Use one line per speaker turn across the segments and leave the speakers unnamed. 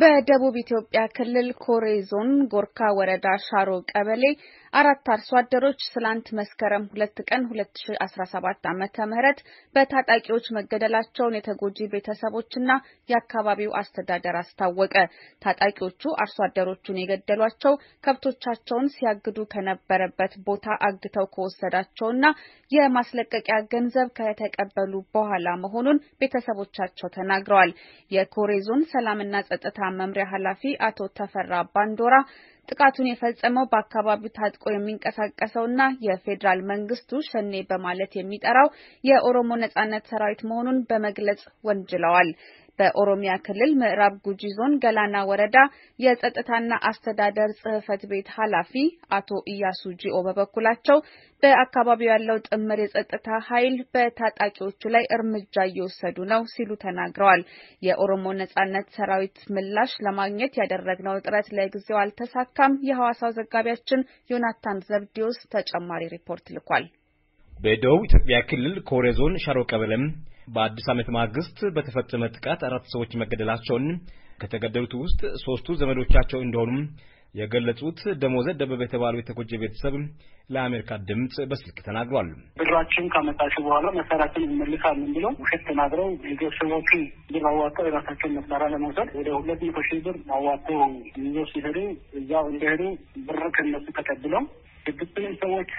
በደቡብ ኢትዮጵያ ክልል ኮሬ ዞን ጎርካ ወረዳ ሻሮ ቀበሌ አራት አርሶ አደሮች ስላንት መስከረም ሁለት ቀን ሁለት ሺ አስራ ሰባት ዓመተ ምህረት በታጣቂዎች መገደላቸውን የተጎጂ ቤተሰቦችና የአካባቢው አስተዳደር አስታወቀ። ታጣቂዎቹ አርሶ አደሮቹን የገደሏቸው ከብቶቻቸውን ሲያግዱ ከነበረበት ቦታ አግተው ከወሰዳቸውና የማስለቀቂያ ገንዘብ ከተቀበሉ በኋላ መሆኑን ቤተሰቦቻቸው ተናግረዋል። የኮሬ ዞን ሰላምና ጸጥታ ጸጥታ መምሪያ ኃላፊ አቶ ተፈራ ባንዶራ ጥቃቱን የፈጸመው በአካባቢው ታጥቆ የሚንቀሳቀሰውና የፌዴራል መንግስቱ ሸኔ በማለት የሚጠራው የኦሮሞ ነጻነት ሰራዊት መሆኑን በመግለጽ ወንጅለዋል። በኦሮሚያ ክልል ምዕራብ ጉጂ ዞን ገላና ወረዳ የጸጥታና አስተዳደር ጽህፈት ቤት ኃላፊ አቶ ኢያሱ ጂኦ በበኩላቸው በአካባቢው ያለው ጥምር የጸጥታ ኃይል በታጣቂዎቹ ላይ እርምጃ እየወሰዱ ነው ሲሉ ተናግረዋል። የኦሮሞ ነጻነት ሰራዊት ምላሽ ለማግኘት ያደረግነው ጥረት ለጊዜው አልተሳካም። የሐዋሳው ዘጋቢያችን ዮናታን ዘብዲዮስ ተጨማሪ ሪፖርት ልኳል።
በደቡብ ኢትዮጵያ ክልል ኮሬ ዞን ሻሮ ቀበሌም በአዲስ ዓመት ማግስት በተፈጸመ ጥቃት አራት ሰዎች መገደላቸውን ከተገደሉት ውስጥ ሶስቱ ዘመዶቻቸው እንደሆኑም የገለጹት ደሞዘ ደበበ የተባለው የተጎጂ ቤተሰብ ለአሜሪካ ድምፅ በስልክ ተናግሯል።
ብራችን ካመጣችሁ በኋላ መሳሪያችን እንመልሳለን ብለው ውሸት ተናግረው ቤተሰቦቹ ብር አዋጠው የራሳቸውን መሳሪያ ለመውሰድ ወደ ሁለት መቶ ሺህ ብር አዋጠው ይዞ ሲሄዱ እዛው እንደሄዱ ብር ከነሱ ተቀብለው ስድስቱንም ሰዎች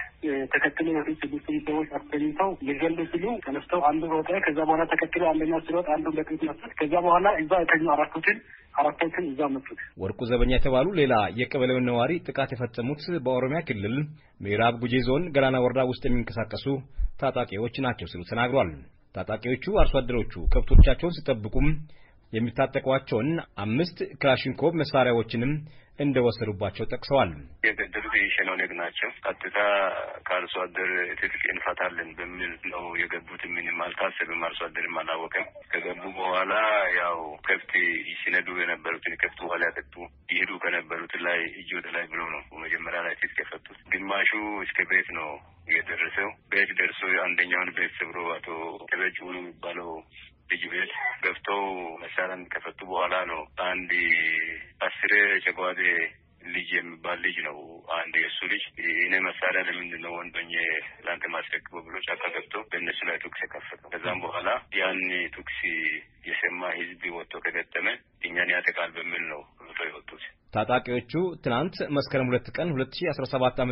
ተከትሎ ወደ ስድስቱን ሰዎች አስተኝተው ሊገሉ ሲሉ ተነስተው አንዱ ሮጠ። ከዛ በኋላ ተከትሎ አንደኛው ሲሮጥ አንዱ ለጥት መጡት። ከዛ በኋላ እዛ የተኙ አራቶችን
አራቶችን እዛ መጡት። ወርቁ ዘበኛ የተባሉ ሌላ የቀበሌውን ነዋሪ ጥቃት የፈጸሙት በኦሮሚያ ክልል ምዕራብ ጉጄ ዞን ገላና ወረዳ ውስጥ የሚንቀሳቀሱ ታጣቂዎች ናቸው ሲሉ ተናግሯል። ታጣቂዎቹ አርሶ አደሮቹ ከብቶቻቸውን ሲጠብቁም የሚታጠቋቸውን አምስት ክላሽንኮቭ መሳሪያዎችንም እንደወሰዱባቸው ጠቅሰዋል።
የገደሉት የሸኔ ኦነግ ናቸው። ቀጥታ ከአርሶ አደር ትጥቅ እንፈታለን በሚል ነው የገቡት። ምንም አልታሰብም። አርሶ አደርም አላወቀም። ከገቡ በኋላ ያው ከብት ሲነዱ የነበሩትን ከብት ውሃ ሊያጠጡ ይሄዱ ከነበሩት ላይ እጅ ወደ ላይ ብሎ ነው መጀመሪያ ላይ ትጥቅ የፈቱት። ግማሹ እስከ ቤት ነው የደረሰው ቤት ደርሶ አንደኛውን ቤት ስብሮ አቶ ተበጭ ሆኖ የሚባለው ልጅ ቤት ገብተው መሳሪያን ከፈቱ በኋላ ነው አንድ አስሬ ጨጓዴ ልጅ የሚባል ልጅ ነው። አንድ የእሱ ልጅ እኔ መሳሪያ ለምንድን ነው ለአንተ ማስረክበው ብሎ ጫካ ገብቶ በእነሱ ላይ ቱክስ የከፈተው። ከዛም በኋላ ያን ቱክስ የሰማ ህዝብ ወጥቶ ከገጠመ እኛን ያጠቃል በሚል ነው ሮጦ የወጡት።
ታጣቂዎቹ ትናንት መስከረም ሁለት ቀን 2017 ዓ.ም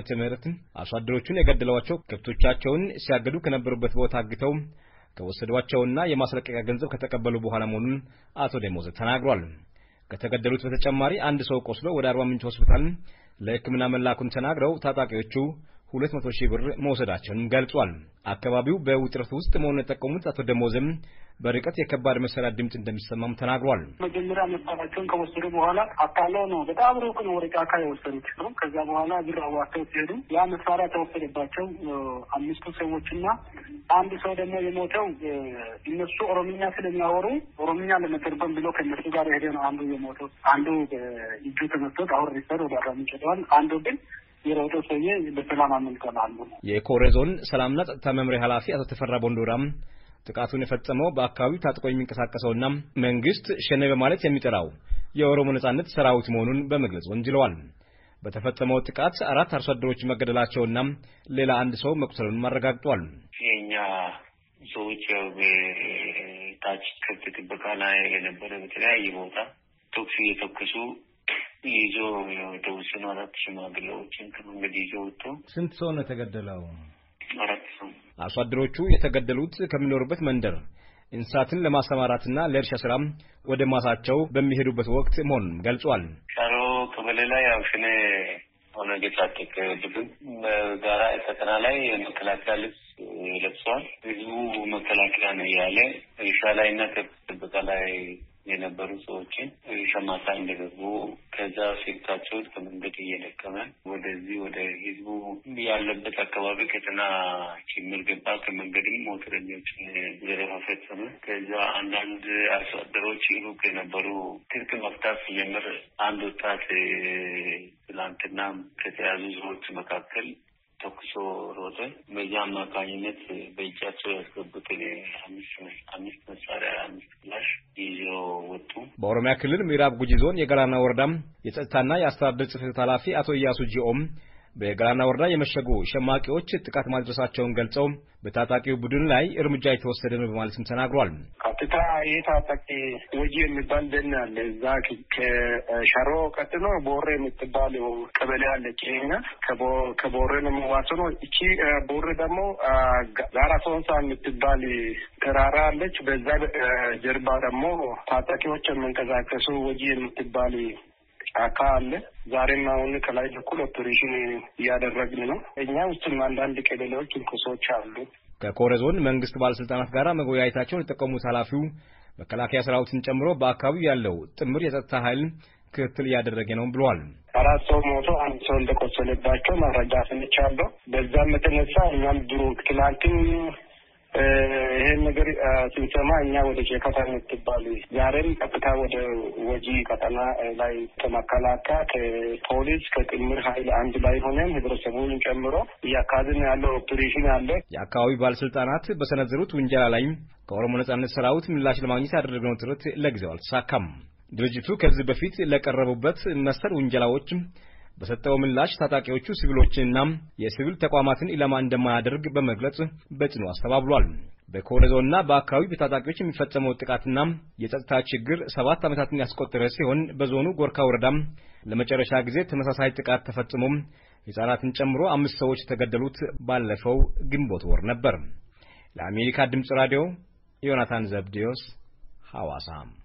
አርሶአደሮቹን የገደሏቸው ከብቶቻቸውን ሲያገዱ ከነበሩበት ቦታ አግተው ከወሰዷቸውና የማስለቀቂያ ገንዘብ ከተቀበሉ በኋላ መሆኑን አቶ ደሞዘ ተናግሯል። ከተገደሉት በተጨማሪ አንድ ሰው ቆስሎ ወደ አርባ ምንጭ ሆስፒታል ለሕክምና መላኩን ተናግረው ታጣቂዎቹ ሁለት መቶ ሺህ ብር መውሰዳቸውንም ገልጿል። አካባቢው በውጥረት ውስጥ መሆኑን የጠቀሙት አቶ ደሞዝም በርቀት የከባድ መሳሪያ ድምፅ እንደሚሰማም ተናግሯል።
መጀመሪያ መሳሪያቸውን ከወሰዱ በኋላ አታለው ነው፣ በጣም ሩቅ ነው ወደ ጫካ የወሰዱት። ከዛ በኋላ ብር አዋተው ሲሄዱ ያ መሳሪያ ተወሰደባቸው። አምስቱ ሰዎች እና አንድ ሰው ደግሞ የሞተው እነሱ ኦሮምኛ ስለሚያወሩ ኦሮምኛ ለመጠርበን ብሎ ከእነሱ ጋር የሄደ ነው አንዱ የሞተው። አንዱ እጁ ተመቶት አሁን ሪፈር ወደ አራሚ ጭደዋል። አንዱ ግን በሰላም
የኮሬ ዞን ሰላምና ጸጥታ መምሪያ ኃላፊ አቶ ተፈራ ቦንዶራም ጥቃቱን የፈጸመው በአካባቢው ታጥቆ የሚንቀሳቀሰውና መንግስት ሸኔ በማለት የሚጠራው የኦሮሞ ነጻነት ሰራዊት መሆኑን በመግለጽ ወንጅለዋል። በተፈጸመው ጥቃት አራት አርሶ አደሮች መገደላቸውና ሌላ አንድ ሰው መቁሰሉን አረጋግጧል።
የኛ ሰዎች ታች ከብት ጥበቃ ላይ የነበረ በተለያየ ቦታ ተኩስ እየተኩሱ ይዞ የተወሰኑ አራት ሽማግሌዎችን ይዞ ወጥቶ
ስንት ሰው ነው የተገደለው? አራት ሰው። አርሶ አደሮቹ የተገደሉት ከሚኖሩበት መንደር እንስሳትን ለማሰማራትና ለእርሻ ስራም ወደ ማሳቸው በሚሄዱበት ወቅት መሆኑን ገልጿል።
ሻሮ ቀበሌ ላይ አብሽኔ ሆነ የታጠቀ ቡድን በጋራ ፈተና ላይ የመከላከያ ልብስ ለብሰዋል። ህዝቡ መከላከያ ነው ያለ እርሻ ላይ እና ከብት ጥበቃ ላይ የነበሩ ሰዎችን ሸማታ እንደገቡ ከዛ ሴክታቸውን ከመንገድ እየደቀመ ወደዚህ ወደ ህዝቡ ያለበት አካባቢ ከተና ጭምር ገባ። ከመንገድም ሞተረኞችን ዘረፋ ፈጸመ። ከዛ አንዳንድ አርሶ አደሮች ሩቅ የነበሩ ትርክ መፍታት ሲጀምር አንድ ወጣት ትላንትና ከተያዙ ሰዎች መካከል ተኩሶ ሮጠ። በዚያ አማካኝነት በእጃቸው ያስገቡትን አምስት መሳሪያ አምስት ክላሽ ይዞ ወጡ።
በኦሮሚያ ክልል ምዕራብ ጉጂ ዞን የገራና ወረዳም የጸጥታና የአስተዳደር ጽሕፈት ኃላፊ አቶ እያሱ ጂኦም በጋራና ወረዳ የመሸጉ ሸማቂዎች ጥቃት ማድረሳቸውን ገልጸው በታጣቂው ቡድን ላይ እርምጃ የተወሰደ ነው በማለትም ተናግሯል።
ቀጥታ ይህ ታጣቂ ወጂ የሚባል ደን አለ። እዛ ከሸሮ ቀጥሎ ቦሬ የምትባል ቀበሌ አለች። ይህና ከቦሬ ነው የሚዋሰኑ ነው። እቺ ቦሬ ደግሞ ጋራ ሶንሳ የምትባል ተራራ አለች። በዛ ጀርባ ደግሞ ታጣቂዎች የምንቀሳቀሱ ወጂ የምትባል ጫካ አለ። ዛሬም አሁን ከላይ በኩል ኦፕሬሽን እያደረግን ነው። እኛ ውስጥም አንዳንድ ቀበሌዎች እንኩሶች አሉ።
ከኮረ ዞን መንግስት ባለስልጣናት ጋር መወያየታቸውን የጠቀሙት ኃላፊው መከላከያ ሰራዊትን ጨምሮ በአካባቢው ያለው ጥምር የጸጥታ ኃይል ክትትል እያደረገ ነው ብሏል።
አራት ሰው ሞቶ አንድ ሰው እንደቆሰለባቸው መረጃ ስንቻለሁ። በዛም የተነሳ እኛም ድሮ ትላንትም ይሄን ነገር ስንሰማ እኛ ወደ ሼከታ የምትባል ዛሬም ቀጥታ ወደ ወጂ ቀጠና ላይ ከመከላከያ ከፖሊስ ከጥምር ኃይል አንድ ላይ ሆነን ህብረተሰቡን ጨምሮ እያካዝን ያለው ኦፕሬሽን አለ።
የአካባቢ ባለስልጣናት በሰነዘሩት ውንጀላ ላይም ከኦሮሞ ነጻነት ሰራዊት ምላሽ ለማግኘት ያደረግነው ጥረት ለጊዜው አልተሳካም። ድርጅቱ ከዚህ በፊት ለቀረቡበት መሰል ውንጀላዎች በሰጠው ምላሽ ታጣቂዎቹ ሲቪሎችንና የሲቪል ተቋማትን ኢላማ እንደማያደርግ በመግለጽ በጽኑ አስተባብሏል። በኮሬ ዞንና በአካባቢው በታጣቂዎች የሚፈጸመው ጥቃትና የጸጥታ ችግር ሰባት ዓመታትን ያስቆጠረ ሲሆን በዞኑ ጎርካ ወረዳ ለመጨረሻ ጊዜ ተመሳሳይ ጥቃት ተፈጽሞ ሕፃናትን ጨምሮ አምስት ሰዎች የተገደሉት ባለፈው ግንቦት ወር ነበር። ለአሜሪካ ድምፅ ራዲዮ ዮናታን ዘብዴዎስ ሐዋሳም